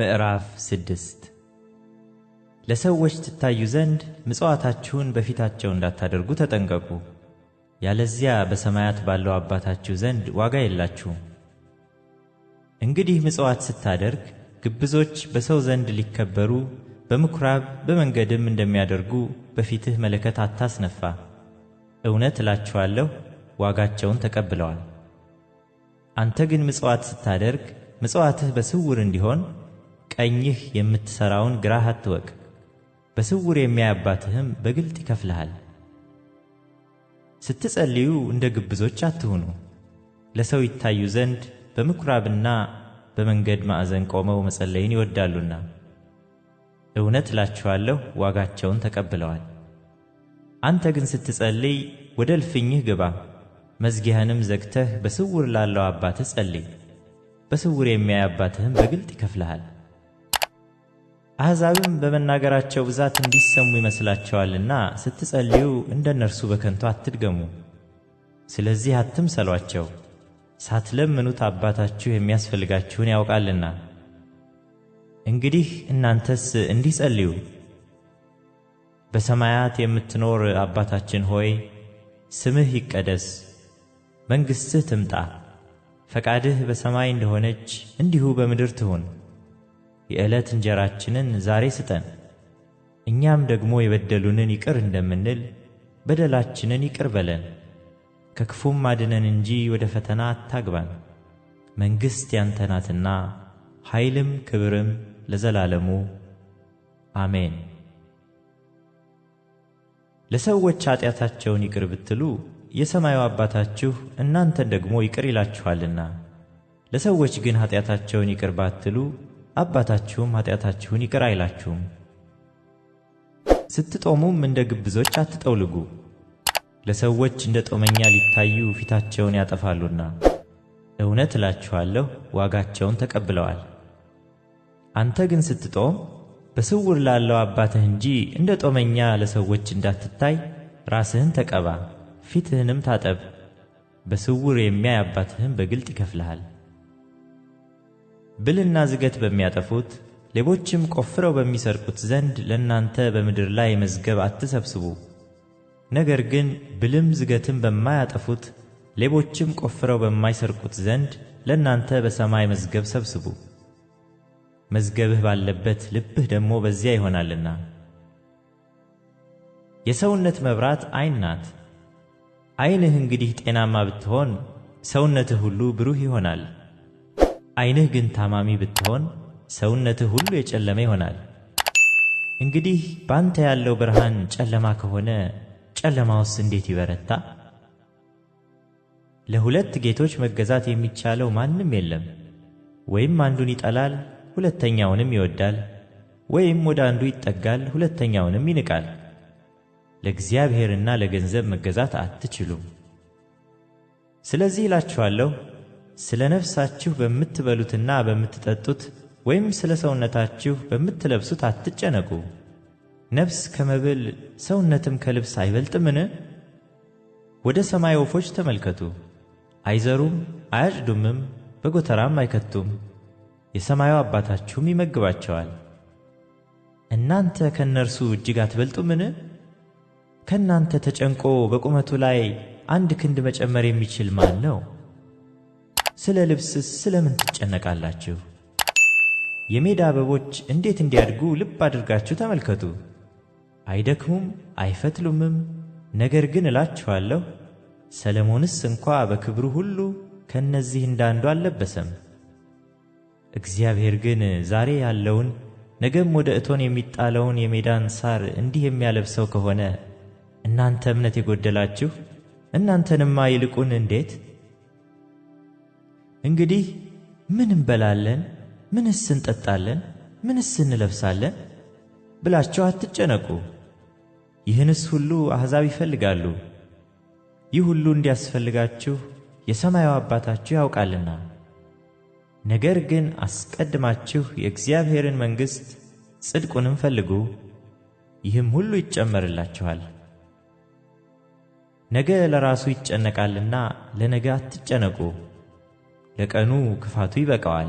ምዕራፍ ስድስት ለሰዎች ትታዩ ዘንድ ምጽዋታችሁን በፊታቸው እንዳታደርጉ ተጠንቀቁ። ያለዚያ በሰማያት ባለው አባታችሁ ዘንድ ዋጋ የላችሁም። እንግዲህ ምጽዋት ስታደርግ ግብዞች በሰው ዘንድ ሊከበሩ በምኵራብ በመንገድም እንደሚያደርጉ በፊትህ መለከት አታስነፋ። እውነት እላችኋለሁ ዋጋቸውን ተቀብለዋል። አንተ ግን ምጽዋት ስታደርግ ምጽዋትህ በስውር እንዲሆን ቀኝህ የምትሠራውን ግራህ አትወቅ፣ በስውር የሚያይ አባትህም በግልጥ ይከፍልሃል። ስትጸልዩ እንደ ግብዞች አትሁኑ፣ ለሰው ይታዩ ዘንድ በምኵራብና በመንገድ ማዕዘን ቆመው መጸለይን ይወዳሉና፣ እውነት እላችኋለሁ ዋጋቸውን ተቀብለዋል። አንተ ግን ስትጸልይ ወደ እልፍኝህ ግባ፣ መዝጊያህንም ዘግተህ በስውር ላለው አባትህ ጸልይ፣ በስውር የሚያይ አባትህም በግልጥ ይከፍልሃል። አሕዛብም በመናገራቸው ብዛት እንዲሰሙ ይመስላቸዋልና ስትጸልዩ እንደ እነርሱ በከንቱ አትድገሙ። ስለዚህ አትምሰሏቸው፣ ሳትለምኑት አባታችሁ የሚያስፈልጋችሁን ያውቃልና። እንግዲህ እናንተስ እንዲህ ጸልዩ። በሰማያት የምትኖር አባታችን ሆይ ስምህ ይቀደስ፣ መንግሥትህ ትምጣ፣ ፈቃድህ በሰማይ እንደሆነች እንዲሁ በምድር ትሁን የዕለት እንጀራችንን ዛሬ ስጠን፣ እኛም ደግሞ የበደሉንን ይቅር እንደምንል በደላችንን ይቅር በለን፣ ከክፉም አድነን እንጂ ወደ ፈተና አታግባን፣ መንግሥት ያንተ ናትና ኃይልም ክብርም ለዘላለሙ አሜን። ለሰዎች ኀጢአታቸውን ይቅር ብትሉ የሰማዩ አባታችሁ እናንተን ደግሞ ይቅር ይላችኋልና። ለሰዎች ግን ኀጢአታቸውን ይቅር ባትሉ አባታችሁም ኃጢአታችሁን ይቅር አይላችሁም። ስትጦሙም እንደ ግብዞች አትጠውልጉ፣ ለሰዎች እንደ ጦመኛ ሊታዩ ፊታቸውን ያጠፋሉና፣ እውነት እላችኋለሁ ዋጋቸውን ተቀብለዋል። አንተ ግን ስትጦም በስውር ላለው አባትህ እንጂ እንደ ጦመኛ ለሰዎች እንዳትታይ ራስህን ተቀባ፣ ፊትህንም ታጠብ፤ በስውር የሚያይ አባትህም በግልጥ ይከፍልሃል። ብልና ዝገት በሚያጠፉት ሌቦችም ቆፍረው በሚሰርቁት ዘንድ ለእናንተ በምድር ላይ መዝገብ አትሰብስቡ። ነገር ግን ብልም ዝገትም በማያጠፉት ሌቦችም ቆፍረው በማይሰርቁት ዘንድ ለእናንተ በሰማይ መዝገብ ሰብስቡ። መዝገብህ ባለበት ልብህ ደግሞ በዚያ ይሆናልና። የሰውነት መብራት ዐይን ናት። ዐይንህ እንግዲህ ጤናማ ብትሆን ሰውነትህ ሁሉ ብሩህ ይሆናል። ዓይንህ ግን ታማሚ ብትሆን ሰውነትህ ሁሉ የጨለመ ይሆናል። እንግዲህ ባንተ ያለው ብርሃን ጨለማ ከሆነ ጨለማውስ እንዴት ይበረታ? ለሁለት ጌቶች መገዛት የሚቻለው ማንም የለም። ወይም አንዱን ይጠላል፣ ሁለተኛውንም ይወዳል፣ ወይም ወደ አንዱ ይጠጋል፣ ሁለተኛውንም ይንቃል። ለእግዚአብሔርና ለገንዘብ መገዛት አትችሉም። ስለዚህ እላችኋለሁ ስለ ነፍሳችሁ በምትበሉትና በምትጠጡት ወይም ስለ ሰውነታችሁ በምትለብሱት አትጨነቁ። ነፍስ ከመብል ሰውነትም ከልብስ አይበልጥምን? ወደ ሰማይ ወፎች ተመልከቱ። አይዘሩም፣ አያጭዱምም፣ በጎተራም አይከቱም፣ የሰማዩ አባታችሁም ይመግባቸዋል። እናንተ ከእነርሱ እጅግ አትበልጡምን? ከእናንተ ተጨንቆ በቁመቱ ላይ አንድ ክንድ መጨመር የሚችል ማን ነው? ስለ ልብስስ ስለምን ትጨነቃላችሁ? የሜዳ አበቦች እንዴት እንዲያድጉ ልብ አድርጋችሁ ተመልከቱ። አይደክሙም፣ አይፈትሉምም። ነገር ግን እላችኋለሁ ሰለሞንስ እንኳ በክብሩ ሁሉ ከእነዚህ እንዳንዱ አልለበሰም። እግዚአብሔር ግን ዛሬ ያለውን ነገም ወደ እቶን የሚጣለውን የሜዳን ሳር እንዲህ የሚያለብሰው ከሆነ እናንተ እምነት የጎደላችሁ እናንተንማ ይልቁን እንዴት እንግዲህ ምን እንበላለን? ምንስ እንጠጣለን? ምንስ እንለብሳለን? ብላችሁ አትጨነቁ። ይህንስ ሁሉ አሕዛብ ይፈልጋሉ። ይህ ሁሉ እንዲያስፈልጋችሁ የሰማዩ አባታችሁ ያውቃልና። ነገር ግን አስቀድማችሁ የእግዚአብሔርን መንግሥት ጽድቁንም ፈልጉ፣ ይህም ሁሉ ይጨመርላችኋል። ነገ ለራሱ ይጨነቃልና ለነገ አትጨነቁ። ለቀኑ ክፋቱ ይበቃዋል።